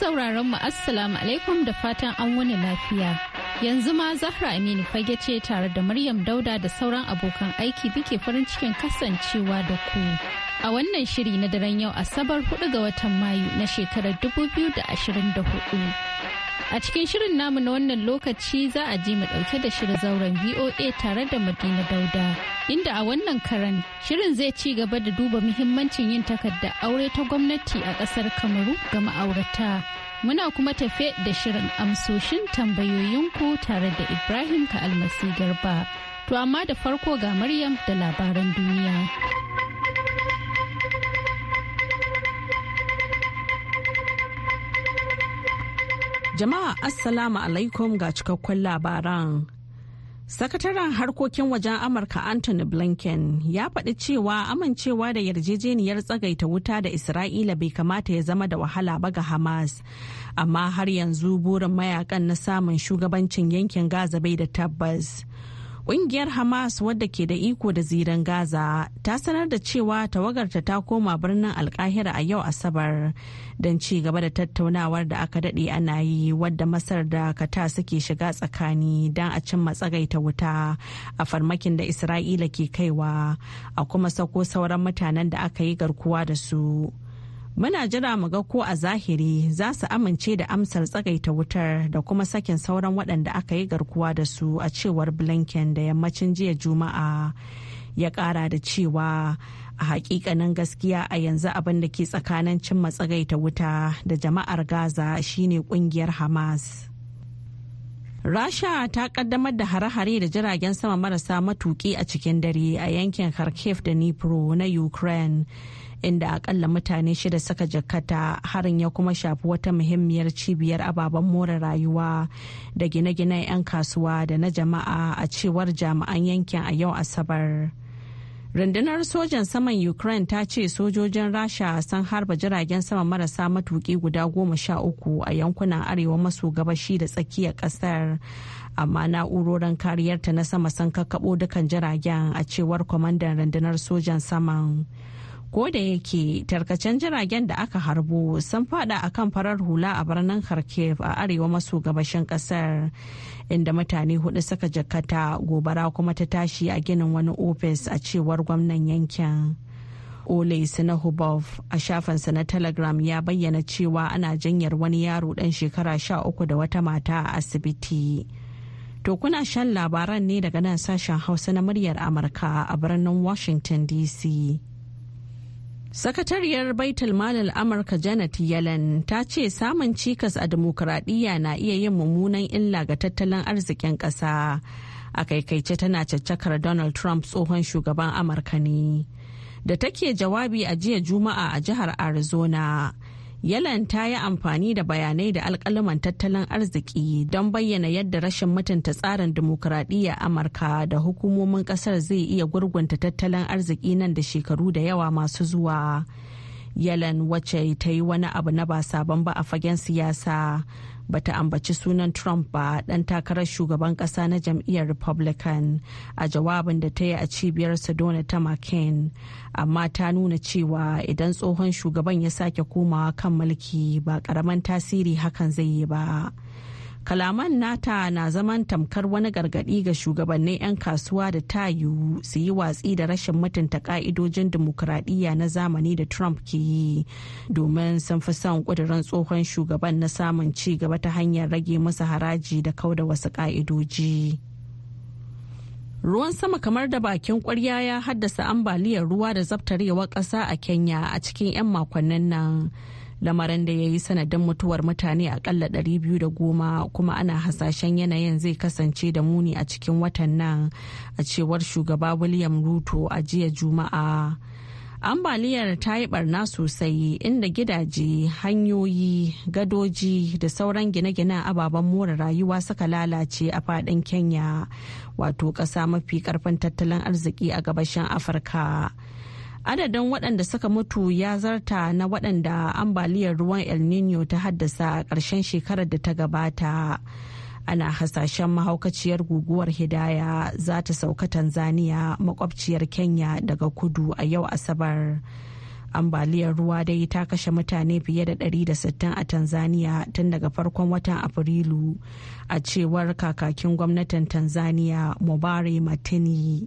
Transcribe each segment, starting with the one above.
sauraron mu assalamu alaikum da fatan an wani lafiya. Yanzu ma Zahra Aminu fage ce tare da Maryam Dauda da sauran abokan aiki duke farin cikin kasancewa da ku. A wannan shiri na daren yau Asabar 4 ga watan Mayu na shekarar 2024. A cikin shirin namu na wannan lokaci za a ji mu ɗauke da shirin zauren VOA tare da Madina Dauda. Inda a wannan karan shirin zai ci gaba da duba muhimmancin yin takarda aure ta gwamnati a ƙasar Kamaru ga ma'aurata. Muna kuma tafe da shirin amsoshin tambayoyinku tare da Ibrahim Ka'almasi Garba. To amma da farko ga Maryam da labaran duniya. Jama'a Assalamu alaikum ga cikakkun labaran. Sakataren harkokin wajen Amurka Anthony Blinken ya faɗi cewa amincewa da yarjejeniyar tsagaita wuta da Isra'ila bai kamata ya zama da wahala ba ga Hamas. Amma har yanzu burin mayakan na samun shugabancin yankin Gaza bai da tabbas. Ƙungiyar Hamas wadda ke da iko da ziran Gaza ta sanar da cewa tawagarta ta koma birnin Alkahira a yau Asabar don ci gaba da tattaunawar da aka daɗe ana yi wadda Masar da Kata suke shiga tsakani don a cimma tsagaita wuta a farmakin da Isra'ila ke kaiwa a kuma sako sauran mutanen da aka yi garkuwa da su. Muna jira mu ga ko a zahiri za su amince da amsar tsagaita wutar da kuma sakin sauran waɗanda aka yi garkuwa da su a cewar Blinken da yammacin jiya Juma'a ya ƙara da cewa a hakikanin gaskiya a yanzu abin da ke tsakanin cimma tsagaita wuta da jama'ar Gaza shine ƙungiyar Hamas. Rasha ta kaddamar da hare-hare da jiragen sama marasa matuki a cikin dare a yankin Kharkiv da Dnipro na Ukraine. inda akalla mutane shida suka jakata harin ya kuma shafi wata muhimmiyar cibiyar ababen more rayuwa da gine-ginen 'yan kasuwa da na jama'a a cewar jami'an yankin a yau asabar. rundunar sojan saman ukraine ta ce sojojin rasha sun harba jiragen sama marasa matuki guda goma sha uku a yankunan arewa maso gabashi da tsakiyar kasar amma na'urorin kariyarta na sama sun kakkabo dukan jiragen a cewar kwamandan rundunar sojan saman ko da yake tarkacen jiragen da aka harbo sun fada a kan farar hula a birnin kharkiv a arewa maso gabashin kasar inda mutane hudu suka jakata gobara kuma ta tashi a ginin wani ofis a cewar gwamnan yankin ole sinahubov a shafinsa na telegram ya bayyana cewa ana janyar wani yaro dan shekara sha uku da wata mata a asibiti to kuna shan labaran ne daga nan sashen hausa na muryar amurka a birnin washington dc Sakatariyar Baitul Malal Amurka Janet Yellen ta ce samun cikas a demokuraɗiyya na iya yin mummunan illa ga tattalin arzikin ƙasa. A kaikaice tana caccakar Donald Trump tsohon shugaban Amurka ne. Da take jawabi a jiya Juma'a a jihar Arizona. Yellen ta yi amfani da bayanai da alkalaman tattalin arziki don bayyana yadda rashin mutunta tsarin dimokuraɗiyya Amurka da hukumomin ƙasar zai iya gurgunta tattalin arziki nan da shekaru da yawa masu zuwa. Yellen wacce ta yi wani abu na ba sabon ba a fagen siyasa bata ambaci sunan Trump ba ɗan takarar shugaban ƙasa na jam'iyyar Republican a jawabin da ta yi a cibiyar Sedona ta McCain, amma ta nuna cewa idan tsohon shugaban ya sake komawa kan mulki ba ƙaramin tasiri hakan zai yi ba. kalaman nata na zaman tamkar wani gargadi ga shugabannin 'yan kasuwa da ta yiwu su yi watsi da rashin mutunta ka'idojin dimokuraɗiyya na zamani da trump ke yi domin sun fi son ƙudurin tsohon shugaban na samun ci gaba ta hanyar rage musu haraji da kauda wasu ka'idoji. ruwan sama kamar da bakin kwarya ya haddasa ambaliyar ruwa da zabtarewar ƙasa a kenya a cikin 'yan makonnin nan lamarin da ya yi sanadin mutuwar mutane akalla goma kuma ana hasashen yanayin zai kasance da muni a cikin watan nan a cewar shugaba william ruto a jiya juma'a ambaliyar ta yi barna sosai inda gidaje hanyoyi gadoji da sauran gine-ginen ababen more rayuwa suka lalace a fadin kenya wato ƙasa mafi karfin tattalin arziki a gabashin afirka adadin waɗanda suka mutu ya zarta na waɗanda ambaliyar ruwan el nino ta haddasa a ƙarshen shekarar da ta gabata ana hasashen mahaukaciyar guguwar hidaya za ta sauka tanzania makwabciyar kenya daga kudu a yau asabar ambaliyar ruwa dai ta kashe mutane fiye da 160 a tanzania tun daga farkon watan afrilu a cewar kakakin gwamnatin tanzania mubare matini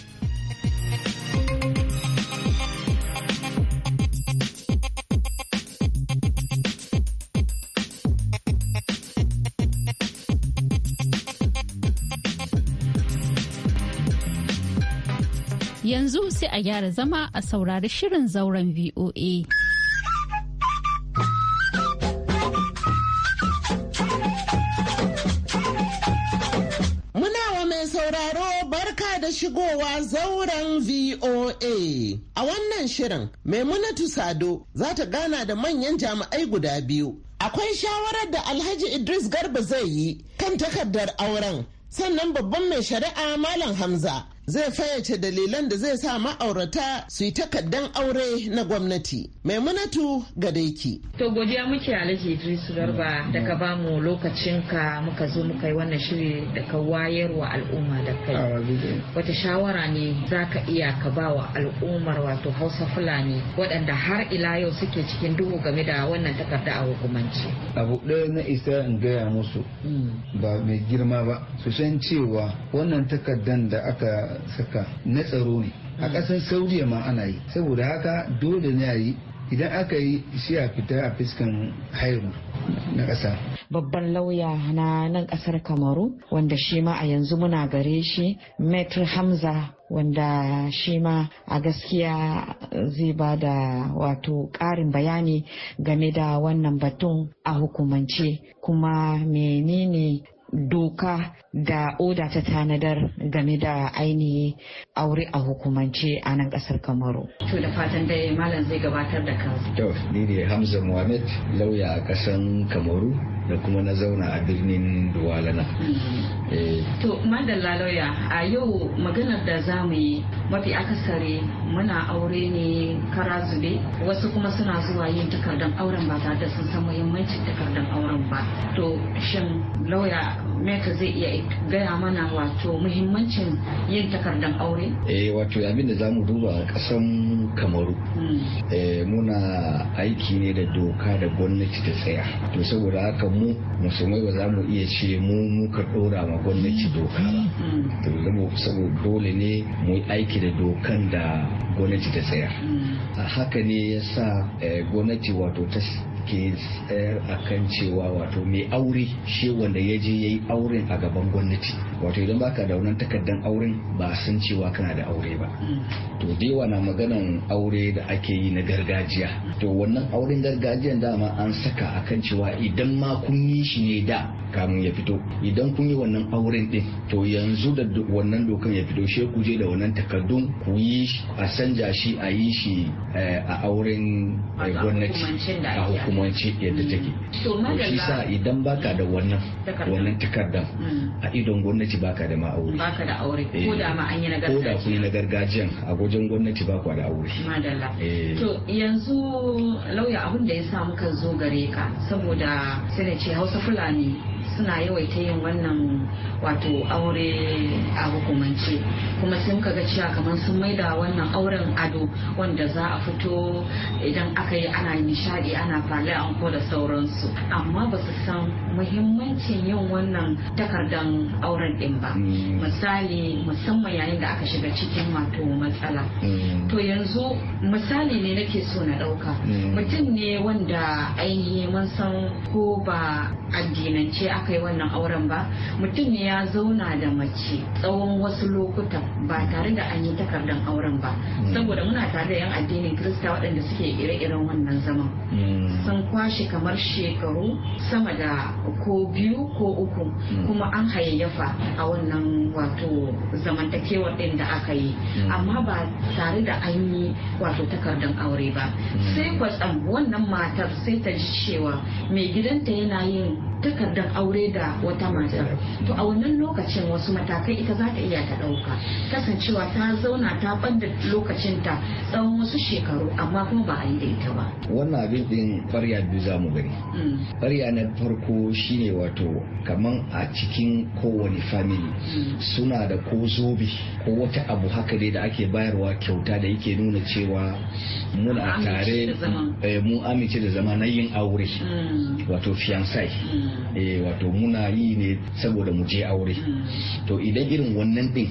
yanzu sai a gyara zama a saurari shirin zauren VOA. da shigowa zauren VOA. A wannan shirin, Maimunatu Sado za ta gana da manyan jami'ai guda biyu. Akwai shawarar da Alhaji Idris Garba zai yi kan takardar auren, sannan babban mai shari'a Malam Hamza zai fayyace dalilan da zai sa ma'aurata su yi takaddan aure na gwamnati. Maimunatu daiki To godiya muke Alhaji Idris Garba da ka bamu lokacinka muka zo muka yi wannan shiri da ka wayarwa al'umma da kai. Wata shawara ne za ka iya ka ba wa al'ummar wato Hausa Fulani waɗanda har ila yau suke cikin duhu game da wannan takarda a hukumance. Abu ɗaya na isa in gaya musu mm. ba mai girma ba su san cewa wannan takardan da aka saka na tsaro ne a ƙasar saudiya ma ana yi saboda haka dole ne a yi idan aka yi shi a fita a fiskan hairu na ƙasa. Babban lauya na nan ƙasar Kamaru wanda shi ma a yanzu muna gare shi Metr Hamza wanda shi ma a gaskiya zai ba da wato ƙarin bayani game da wannan batun a hukumance kuma menene doka da oda ta tanadar game da ainihi aure a hukumance a nan kasar kamaru. To da fatan dai malam zai gabatar da kansa. To ni ne Hamza Muhammad lauya a kasan kamaru da kuma na zauna a birnin Duwalana. Mm-hmm. Eh. To madalla lauya a yau maganar da za mu yi mafi akasari muna aure ne kara zube wasu kuma suna zuwa yin takardar auren ba tare da sun san muhimmancin takardar auren ba. To shin lauya meka zai iya gaya mana wato muhimmancin yin takardar aure? Eh wato abin da zamu duba a kasan kamaru. Hmm. Eh, muna aiki ne da doka da gwamnati ta tsaya. To saboda haka mu musulmai ba za iya ce mu muka ɗora ma gwamnati doka ba. Hmm. To saboda dole ne mu aiki da dokan da gwamnati ta tsaya. Hmm. Haka ne ya sa eh, gwamnati wato ta ke eh, tsayar kan cewa wato mai aure shi wanda ya je ya yi auren a gaban gwamnati wato idan baka da wannan takardar auren ba san cewa kana da aure ba to da yawa na maganan aure da ake yi na gargajiya to wannan auren gargajiyan dama an saka akan cewa idan ma kun yi shi ne da kamun ya fito idan kun yi wannan auren din to yanzu da wannan dokan ya fito she ku je da wannan takardun ku yi a sanja shi a yi shi eh, a auren gwamnati a hukumance yadda take mm. to shi sa idan baka da wannan wannan mm. a idon gwamnati gwamnati baka da ma aure baka da aure ko eh, da ma an yi na gargajiya ko da kun yi na gargajiyan a gwajin gwamnati ba kwa da aure madalla eh. to yanzu lauya abin da ya sa muka zo gare ka saboda sai ce Hausa Fulani suna yawaita yin wannan wato aure a hukumance kuma sun kaga cewa kamar sun da wannan auren ado wanda za a fito idan aka yi ana nishadi ana fale anko da sauransu amma ba su san muhimmancin yin wannan takardan auren din ba mm. misali musamman yayin da aka shiga cikin wato matsala mm. to yanzu misali ne nake so na ɗauka mm. mutum ne wanda ainihin mun san ko ba addinance a. aka yi wannan auren ba mutum ne ya zauna da mace tsawon wasu lokuta ba tare da an yi takardar auren ba hmm. saboda muna tare da yan addinin krista waɗanda suke ire-iren wannan zaman hmm. sun kwashe kamar shekaru sama da ko biyu ko uku hmm. kuma an hayayyafa a wannan wato zamantakewar ɗin da aka yi amma ba tare da an yi wato takardar aure ba sai kwatsam wannan matar sai ta ji cewa mai gidanta yana yin takardar aure da wata matar to a wannan lokacin wasu matakai ita za ta iya ta ɗauka kasancewa ta zauna ta ɓanda ta tsawon wasu shekaru amma kuma ba a yi da ita ba wannan abin din ɓarya biyu za mu gani ɓarya mm. na farko shine wato kaman a cikin kowane family mm. suna da ko zobe ko wata abu haka ne da ake bayarwa kyauta da yake nuna cewa muna tare eh, mun amince da zama na yin aure mm. wato fiyansai Eh, wato muna yi ne saboda mu je aure to idan irin wannan din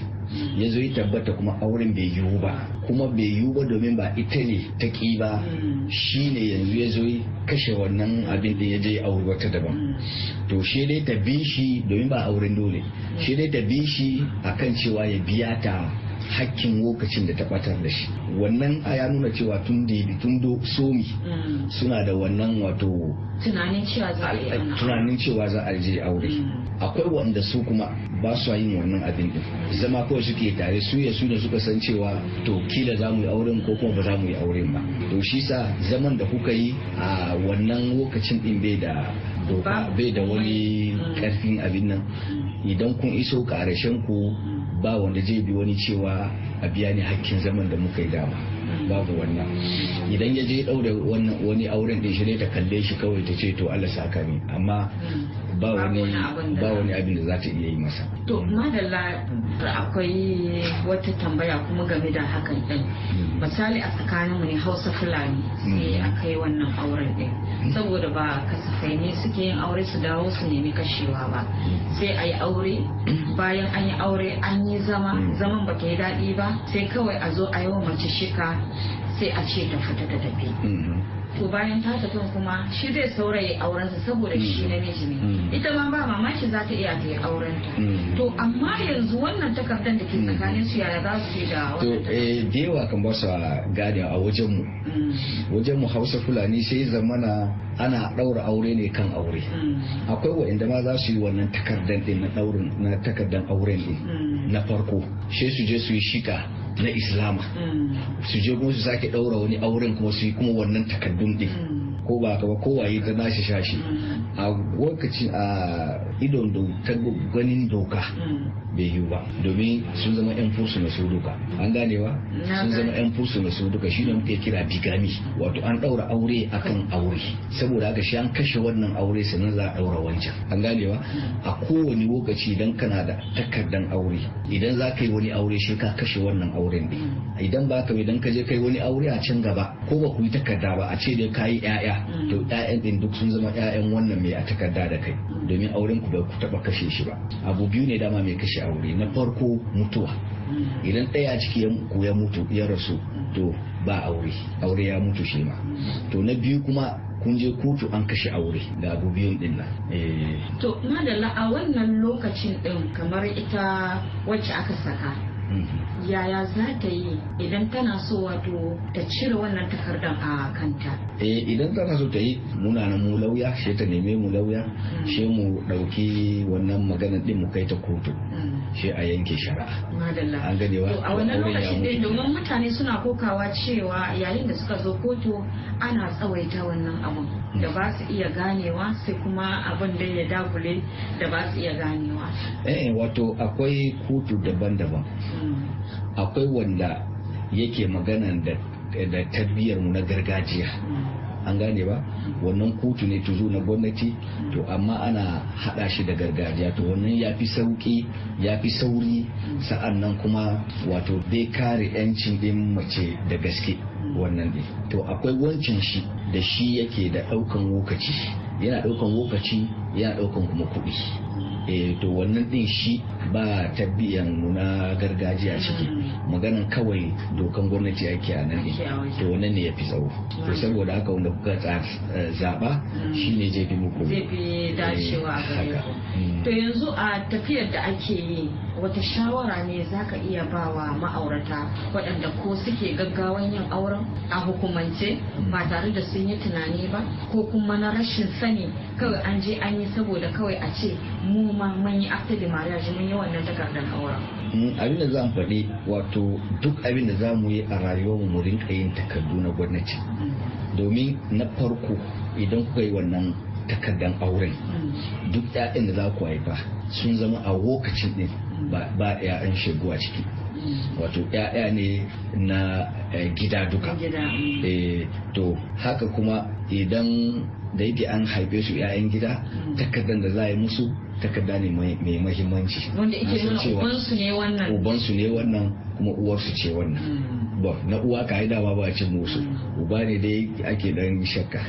ya zo ya tabbata kuma auren bai yiwu ba kuma bai yiwu ba domin ba ita ne ta ƙi ba shi ne yanzu ya zo kashe wannan abin da ya je aure wata daban to shi dai ta bi shi domin ba auren dole shi dai ta bi shi akan cewa ya biya ta hakkin lokacin da ta batar da shi wannan a ya nuna cewa tun da tun do somi mm. suna da wannan wato tunanin cewa za a je aure mm. akwai wanda su kuma ba su yin wannan abin din zama kawai suke tare su ya su ne suka san cewa to kila za mu yi auren ko kuma ba za mu yi auren ba to shi sa zaman da kuka yi a wannan lokacin din bai da bai da wani karfin mm. abin nan idan kun iso ƙarashen ku ba wanda zai bi wani cewa a biya ni hakkin zaman da muka yi dama babu wannan idan ya je ɗau da wani auren ɗin shi ne ta kalle shi kawai ta ce to Allah saka ni amma ba wani abin da za ta iya yi masa to mm. madalla akwai wata tambaya kuma game da hakan din mm. misali a tsakanin mu ne Hausa Fulani mm. sai kai wannan auren din saboda ba kasafai ne suke yin aure su dawo su nemi kashewa ba sai a yi aure bayan an yi aure an yi zama zaman ba ta yi daɗi ba sai kawai a zo a yi wa mace shika sai a ce ta fita ta tafi to bayan ta tafi kuma shi zai saurayi aurensa saboda shi mm. namiji ne mm. ita ma ba mamaki za ta iya ta yi aurenta mm. to amma yanzu wannan takardar da ke tsakanin su yaya za su yi da wannan eh, da yawa kan ba su gadi a wajen mu wajen mu hausa fulani sai zamana ana ɗaura aure ne kan aure akwai wa'inda ma za su yi wannan takardar din na daurin na takardar auren din na farko sai su je su yi shika na islama mm. su je kuma su sake ɗaura wani auren kuma su yi kuma wannan takaddun din mm. ko ba ka ba yi ta nashi shashi mm. a lokacin a idon ta ganin doka hmm. bai yiwu ba domin sun zama yan fursu na su duka an ganewa sun zama yan fursu na su duka shi ne muke kira bigami wato an daura aure akan aure saboda haka shi an kashe wannan aure sannan za a daura wancan an ganewa hmm. a kowane lokaci idan kana da takardan aure idan za ka yi wani aure shi ka kashe wannan auren ne hmm. idan ba ka idan ka je kai wani aure a can gaba ko ba ku yi takarda ba a ce dai kayi yaya to yayan mm. din duk sun zama yayan wannan mai a takarda da kai mm. domin auren ku ba ku taba kashe shi ba abu biyu ne dama mai kashe aure na farko mutuwa mm. idan ɗaya ciki ku ya mutu ya rasu to ba aure aure ya mutu shi ma to na biyu kuma kun je kotu an kashe aure da abu biyun din nan. Eh. To madalla a wannan lokacin din kamar ita wacce aka saka yaya za ta yi idan tana so wato ta cire wannan takardar a kanta eh idan tana so ta yi muna na mu lauya shi ta neme mu lauya hmm. shi mu dauki wannan magana din mu kai ta kotu hmm. shi a yanke shari'a madalla an ganewa a wannan lokacin dai domin mutane suna kokawa cewa yayin da suka zo kotu ana tsawaita wannan abun da ba su iya ganewa sai kuma abin da ya dagule da ba su iya ganewa eh wato akwai kotu daban-daban hmm. akwai wanda yake magana da tarbiyyar mu na gargajiya hmm. an gane ba wannan kotu ne tuzo na gwamnati to amma ana hada shi da gargajiya to wannan ya fi sauki ya fi sauri sa'an nan kuma wato dai kare 'yancin din mace da gaske wannan ne to akwai wancin shi da shi yake da daukan lokaci yana daukan lokaci yana daukan kuma kuɗi Eh, to wannan din shi ba biyan na gargajiya ciki maganan kawai dokan gwamnati ake a nan to wannan ne ya fi tsawo to saboda haka wanda kuka eh, zaba mm. ne zai fi muku zai fi eh, dacewa a mm. to yanzu a tafiyar da ake yi wata shawara ne za ka iya ba wa ma'aurata waɗanda ko suke gaggawan yin auren a hukumance ba mm. tare da sun yi tunani ba ko kuma na rashin sani kawai an je an yi saboda kawai a ce mu kuma mun yi after the marriage mun yi wannan takardar auren mm, abin da za faɗi wato duk abin da za mu yi a rayuwar mu rinka yin takardu na gwamnati domin na farko idan kuka yi wannan takardan auren duk 'ya'yan da za ku haifa sun zama a lokacin ɗin ba 'ya'yan shigo a ciki wato 'ya'ya ne na eh, gida duka mm. eh, to haka kuma idan da yake an haife su 'ya'yan gida mm. takardan da za a yi musu takarda ne mai mahimmanci wanda ne wannan kuma uwarsu ce wannan hmm. ba na uwa ka dama ba ce musu hmm. uba ne dai ake dan shakka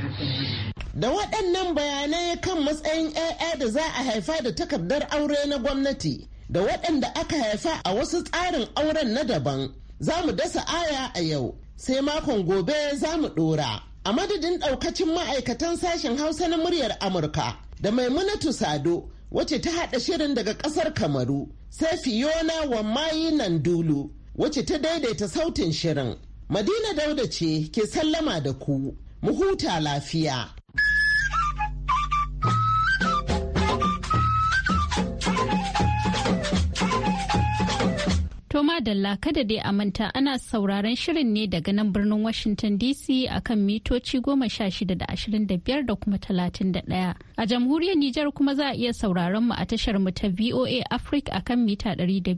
da waɗannan bayanai kan matsayin 'ya'ya da za a haifa da takardar aure na gwamnati da waɗanda aka haifa a wasu tsarin auren na daban za mu dasa aya a yau sai makon gobe za mu ɗora a madadin ɗaukacin ma'aikatan sashen hausa na muryar amurka da maimunatu sado wace ta haɗa shirin daga ƙasar Kamaru, sai Fiona nan dulu wacce ta daidaita sautin shirin. Madina Dauda ce ke sallama da ku, mu huta lafiya. To Madalla kada dai a manta ana sauraron shirin ne daga nan birnin Washington DC akan mitoci goma sha shida da ashirin da da kuma talatin da ɗaya. A jamhuriyar Nijar kuma za a iya sauraron mu a tashar mu ta VOA Africa akan mita ɗari da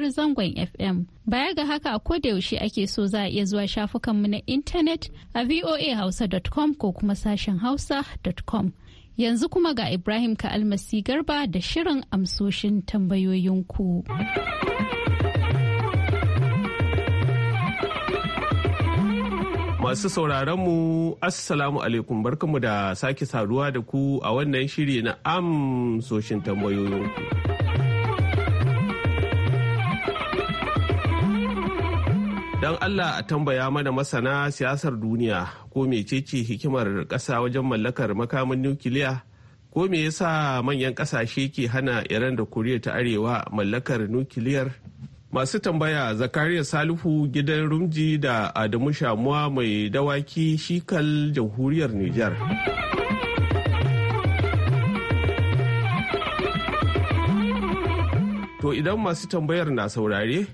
da zangon FM. Baya ga haka a koda yaushe ake so za a iya zuwa shafukan mu na intanet a voahausa.com ko kuma sashen hausa.com. Yanzu kuma ga Ibrahim Ka'almasi Garba da shirin amsoshin tambayoyinku. Masu sauraronmu, Assalamu alaikum barkanmu da sake saduwa da ku a wannan shiri na amsoshin tambayoyinku. Don Allah a tambaya mana masana siyasar duniya ko mecece hikimar ƙasa wajen mallakar makamin nukiliya ko me yasa manyan ƙasashe ke hana Iran da Koriya ta Arewa mallakar nukiliyar masu tambaya zakariya salihu gidan rumji da adamu shamuwa mai dawaki shikal jamhuriyar Niger. to idan masu tambayar na saurare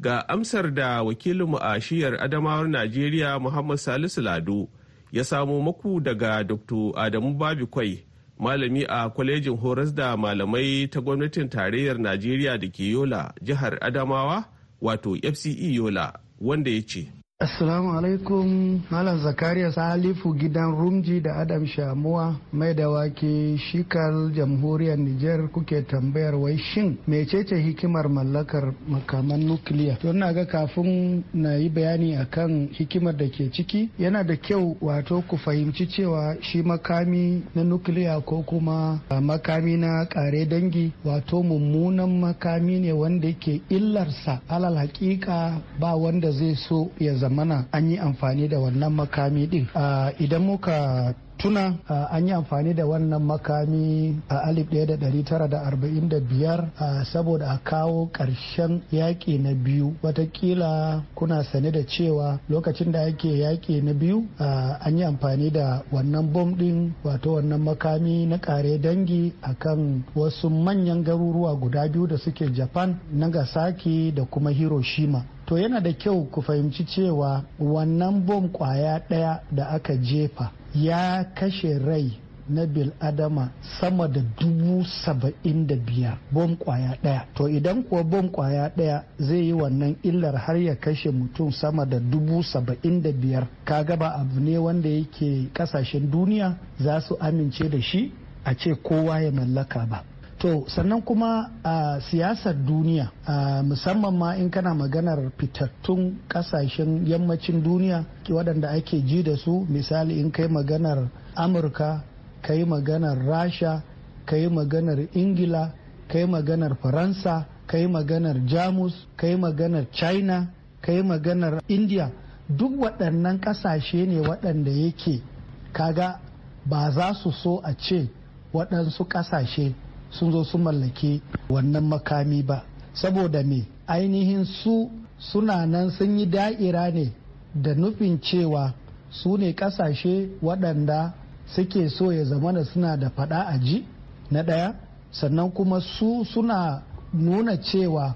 ga amsar da wakilinmu a shiyar adamawar najeriya muhammad salisu lado ya samo maku daga dr adamu kwai. malami a kwalejin horas da malamai ta gwamnatin tarayyar najeriya da ke yola jihar adamawa wato fce yola wanda ya ce Assalamu alaikum Malam Zakariya Salifu gidan Rumji da Adam Shamuwa mai da wake shikal jamhuriyar Nijar kuke tambayar wai shin mecece hikimar mallakar makaman nukiliya. To na ga kafin na yi bayani akan hikimar da ke ciki yana da kyau wato ku fahimci cewa shi makami na nukiliya ko kuma makami na kare dangi wato mummunan makami ne wanda ke illarsa alal hakika ba wanda zai so ya zama mana an yi amfani da wannan makami din idan muka tuna an yi amfani da wannan makami a 1945 saboda a kawo ƙarshen yaƙi na biyu watakila kuna sane da cewa lokacin da ake yaƙi na biyu an yi amfani da wannan bom ɗin wato wannan makami na ƙare dangi a kan wasu manyan garuruwa guda biyu da suke japan nagasaki da kuma hiroshima to yana da kyau ku fahimci cewa wannan bom kwaya ɗaya da aka jefa ya kashe rai na bil adama sama da dubu saba'in da biyar bom kwaya ɗaya. to idan kuwa bom kwaya ɗaya zai yi wannan illar har ya kashe mutum sama da dubu saba'in da biyar kaga ba abu ne wanda yake kasashen duniya za su amince da shi a ce kowa ya mallaka ba to sannan kuma a siyasar duniya musamman ma in kana maganar fitattun kasashen yammacin duniya waɗanda ake ji da su misali in kai maganar amurka kai maganar rasha kai maganar ingila kai maganar faransa kai maganar jamus kai maganar china kai maganar india duk waɗannan ƙasashe ne waɗanda yake kaga ba za su so a ce waɗansu ƙasashe sun zo su mallaki wannan makami ba saboda me ainihin su suna nan sun yi da'ira ne da nufin cewa su ne kasashe waɗanda suke so ya zama zamana suna da faɗa a ji na ɗaya sannan kuma su suna nuna cewa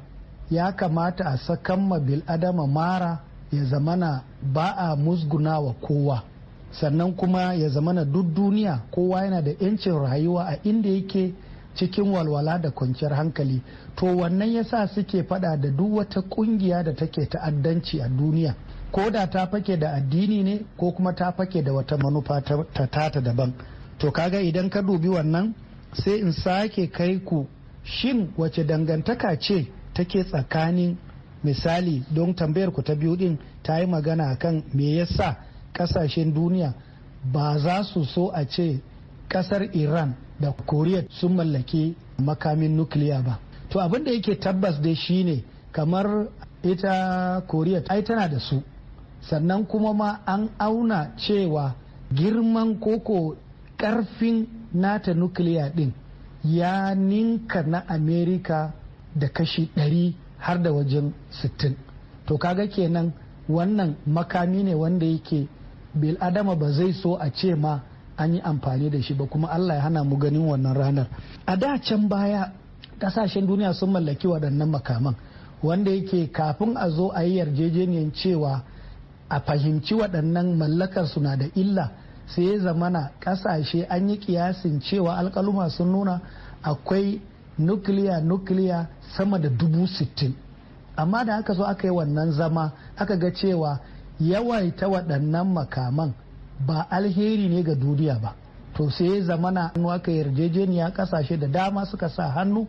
ya kamata a sakan bil adama mara ya zamana ba a musguna wa kowa sannan kuma ya zamana duk duniya kowa yana da 'yancin rayuwa a inda yake cikin walwala da kwanciyar hankali to wannan yasa suke fada da duk wata kungiya da take ta'addanci a duniya ko da ta fake da addini ne ko kuma ta fake da wata manufa ta tata daban to kaga idan ka dubi wannan sai in sake kai ku shin wace dangantaka ce take tsakanin misali don tambayar ku ta biyu din ta yi magana akan me yasa kasashen duniya ba za su so a ce kasar iran da koriya sun mallaki makamin nukiliya ba to abin da yake tabbas dai shine kamar ita koriya ai tana da su sannan kuma ma an auna cewa girman koko karfin nata nukiliya din ya ninka na amerika da kashi 100 har da wajen 60 to kaga kenan wannan makami ne wanda yake adama ba zai so a ce ma an yi amfani da shi ba kuma Allah ya hana mu ganin wannan ranar a da can baya kasashen duniya sun mallaki waɗannan makaman wanda yake kafin a zo a yi yarjejeniyar cewa a fahimci waɗannan mallakar suna da illa sai ya zamana kasashe an yi kiyasin cewa alkaluma sun nuna akwai nukiliya nukiliya sama da dubu sittin amma da aka zo aka yi wannan zama aka ga cewa yawaita waɗannan makaman ba alheri ne ga duniya ba to sai zamana hannu waka yarjejeniya kasashe da dama suka sa hannu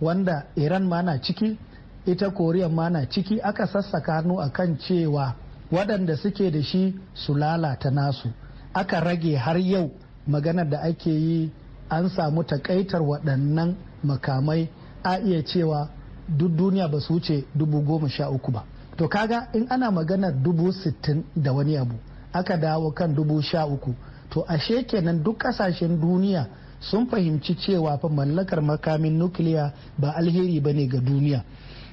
wanda iran ma na ciki ita koriya ma na ciki aka sassaka hannu akan cewa waɗanda suke da shi su lalata nasu aka rage har yau maganar da ake yi an samu takaitar waɗannan makamai a iya cewa duk duniya ba su wuce dubu goma sha uku ba to kaga in ana maganar dubu sittin da wani abu aka dawo kan dubu sha uku to ashe kenan duk kasashen duniya sun fahimci cewa fa mallakar makamin nukiliya ba alheri ba ne ga duniya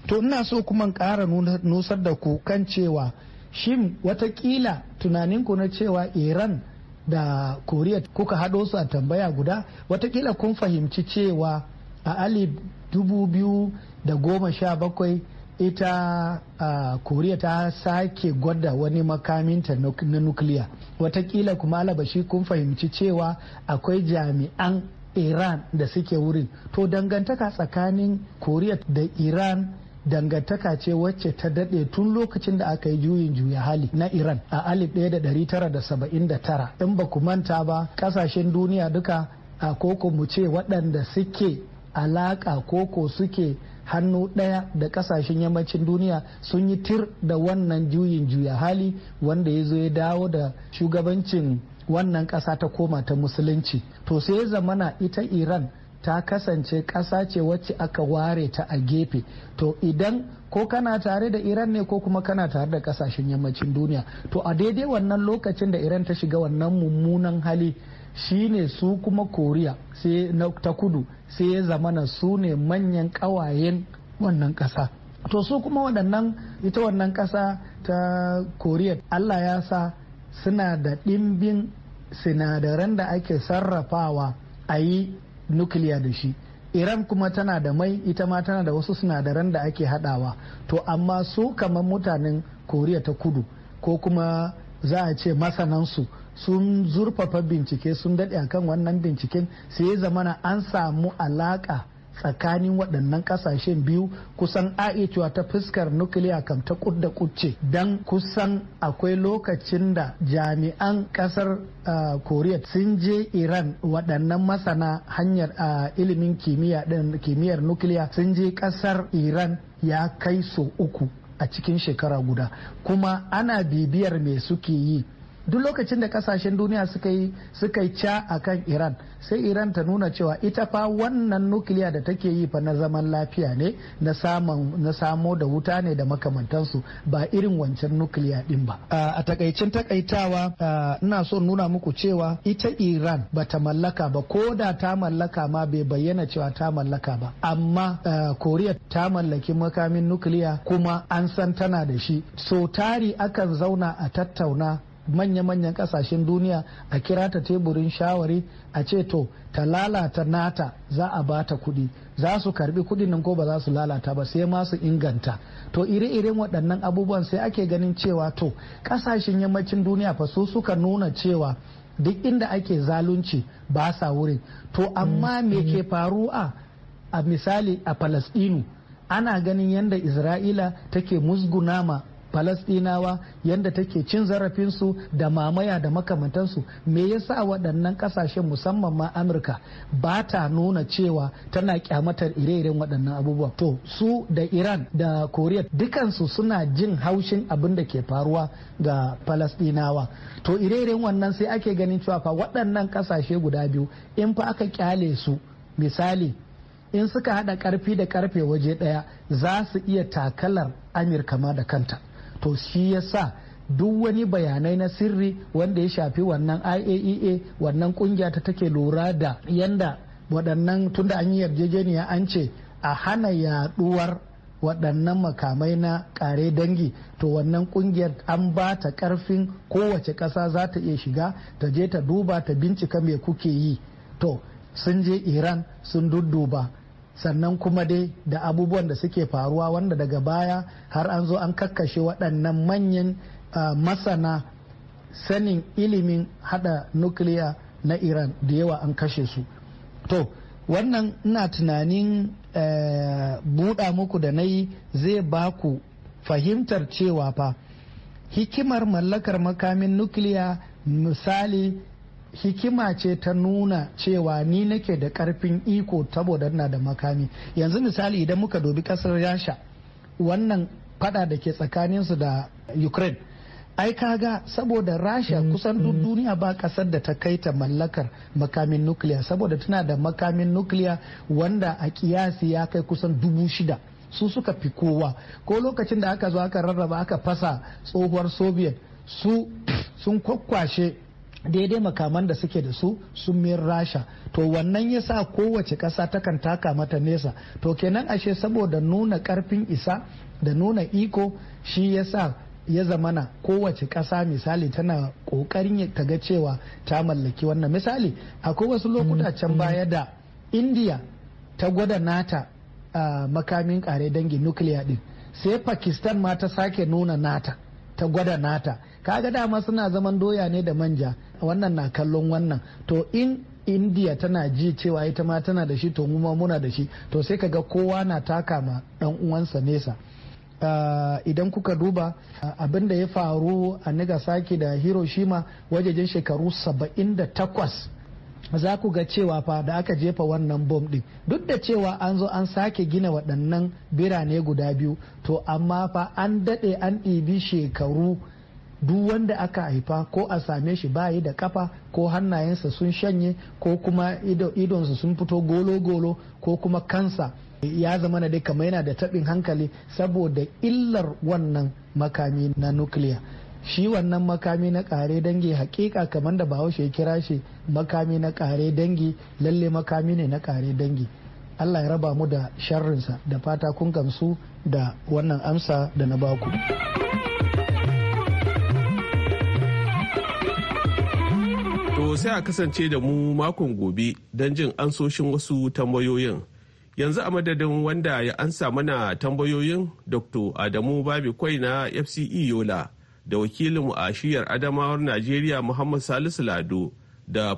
to ina so kuma kara nusar da ku kan cewa shin watakila tunaninku na cewa iran da koriya kuka haɗo su a tambaya guda watakila kun fahimci cewa a alif dubu biyu da goma sha bakwai ita uh, koriya ta sake gwada wani makaminta na nukiliya watakila kuma alabashi kun fahimci cewa akwai jami'an iran da suke wurin to dangantaka tsakanin koriya da iran dangantaka ce wacce ta dade tun lokacin da aka yi juyin juya hali na iran a 1979 in ba ku manta ba kasashen duniya duka a koko mu ce waɗanda suke alaka koko suke hannu ɗaya da ƙasashen yammacin duniya sun yi tir da wannan juyin juya hali wanda ya zo ya dawo da shugabancin wannan ƙasa ta koma ta musulunci to sai zamana ita iran ta kasance ƙasa ce wacce aka ware ta a gefe to idan ko kana tare da iran ne ko kuma kana tare da ƙasashen yammacin duniya to a daidai wannan lokacin da iran ta shiga wannan mummunan hali shine su kuma koriya ta kudu sai ya zamana su ne manyan kawayen wannan kasa to su kuma waɗannan ita wannan kasa ta koriya allah ya sa suna da ɗimbin sinadaran da ake sarrafawa a yi nukiliya da shi iran kuma tana da mai ita ma tana da wasu sinadaran da ake hadawa to amma su kamar mutanen koriya ta kudu ko kuma za a ce masanansu sun zurfafa bincike sun daɗe kan wannan binciken sai ya zamana an samu alaƙa tsakanin waɗannan ƙasashen biyu kusan cewa ta fuskar nukiliya kam ta kud da don kusan akwai lokacin da jami'an ƙasar uh, koriya sun je iran waɗannan masana hanyar ilimin kimiyyar nukiliya sun je ƙasar iran ya kai so uku a cikin shekara guda kuma ana bibiyar me suke yi duk lokacin da kasashen duniya suka yi suka yi ca kan iran sai iran ta nuna cewa ita fa wannan nukiliya da take yi fa na zaman lafiya ne na samo da wuta ne da makamantansu ba irin wancan nukiliya din ba a takaicin takaitawa ina so nuna muku cewa ita iran ba ta mallaka ba ko da ta mallaka ma bai bayyana cewa ta mallaka ba amma koriya ta mallaki makamin nukiliya kuma an san tana da shi so tari akan zauna a tattauna manya-manyan kasashen duniya a kira ta teburin shawari a ce to ta lalata nata za a ba ta kuɗi za su karbi kuɗin nan ko ba za su lalata ba sai ma su inganta to ire-iren waɗannan abubuwan sai ake ganin cewa to kasashen yammacin duniya fa su suka nuna cewa duk inda ake zalunci ba sa wurin to amma mm, me ke mm. faruwa a misali a falasɗinu ana ganin yadda isra'ila take musguna ma falastinawa yadda take cin zarafinsu da mamaya da makamantansu me yasa waɗannan ƙasashen musamman ma amurka ba ta nuna cewa tana kyamatar ire-iren waɗannan abubuwa to su da iran da koriya dukansu suna jin haushin abin da ke faruwa ga falastinawa to ire-iren wannan sai ake ganin cewa fa waɗannan ƙasashe guda biyu in fa aka kyale su misali in suka hada karfi da karfe waje ɗaya za su iya takalar amurka ma da kanta to shi ya sa duk wani bayanai na sirri wanda ya shafi wannan iaea e wannan kungiya ta take lura da yadda waɗannan tunda an yi yarjejeniya an ce a hana yaɗuwar waɗannan makamai na ƙare dangi to wannan ƙungiyar an ba ta ƙarfin kowace ƙasa za ta iya shiga ta je ta duba ta bincika mai kuke yi to sun je iran sun dudduba sannan kuma dai da abubuwan da suke faruwa wanda daga baya har an zo an kakkashe waɗannan manyan masana sanin ilimin hada nukiliya na iran da yawa an kashe su to wannan ina tunanin e, buɗa muku da na yi zai ba ku fahimtar cewa fa hikimar mallakar makamin nukiliya misali hikima ce ta nuna cewa ni nake da karfin iko taboda na da makami yanzu misali idan muka dobi kasar rasha wannan fada da ke tsakanin su da ukraine ai kaga saboda rasha mm, kusan duk mm. duniya ba kasar da ta kai ta mallakar makamin nukiliya saboda tana da makamin nukiliya wanda a kiyasi ya kai kusan dubu shida su suka fi kowa ko lokacin da aka zo aka rarraba aka fasa tsohuwar soviet su sun kwakwashe daidai makaman da suke da su sun mayar rasha to wannan ya sa kowace ƙasa takan taka mata nesa to kenan ashe saboda nuna karfin isa da nuna iko shi ya sa ya zamana kowace ƙasa misali tana ƙoƙarin ta ga cewa ta mallaki wannan misali akwai wasu lokuta mm, can mm. baya da indiya ta gwada nata uh, makamin ƙare dangin nukiliya din sai pakistan ma ta sake nuna nata ta gwada nata kaga dama suna zaman doya ne da manja wannan na kallon wannan to in indiya tana ji cewa ita ma tana da shi to mu ma muna da shi to sai ka ga kowa na taka ma dan uwansa nesa ah, idan kuka duba ah, abin da ya faru a Nagasaki da Hiroshima wajejen shekaru 78 za ku ga cewa fa da aka jefa wannan bom din duk da cewa an zo an sake gina waɗannan birane guda biyu to amma fa an daɗe an ɗibi shekaru duk wanda aka haifa ko a same shi bayi da kafa ko hannayensa sun shanye ko kuma idonsa sun fito golo-golo ko kuma kansa ya zama na dai kamar yana da taɓin hankali saboda illar wannan makami na nukiliya shi wannan makami na kare dangi hakika kamar da bahaushe ya kira shi makami na kare dangi lalle makami ne na kare dangi allah ya raba mu da sharrinsa da fata kun gamsu da wannan amsa da na baku. sai a kasance da mu makon gobe don jin ansoshin wasu tambayoyin. Yanzu a madadin wanda ya ansa mana tambayoyin Dr. Adamu Babi Kwai na FCE Yola da wakilinmu a shiyar Adamawar Najeriya Muhammad Salisu Lado da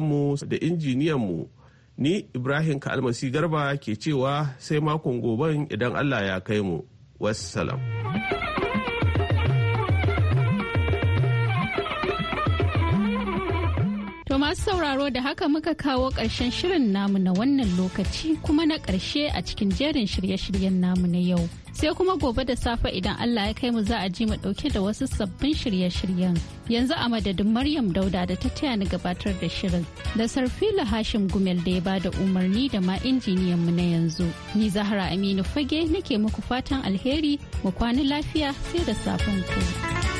mu da injiniyanmu ni Ibrahim Kalmasi Garba ke cewa sai makon goben idan Allah ya kai mu. Wassalam. sauraro da haka muka kawo ƙarshen shirin namu na wannan lokaci kuma na ƙarshe a cikin jerin shirye-shiryen namu na yau. Sai kuma gobe da safe idan Allah ya kai mu za a ji mu ɗauke da wasu sabbin shirye-shiryen. Yanzu a madadin Maryam Dauda da ta taya ni gabatar da shirin. Da Sarfila Hashim Gumel da ya ba da umarni da ma injiniyan mu na yanzu. Ni Zahra Aminu Fage nake muku fatan alheri mu kwana lafiya sai da safen ku.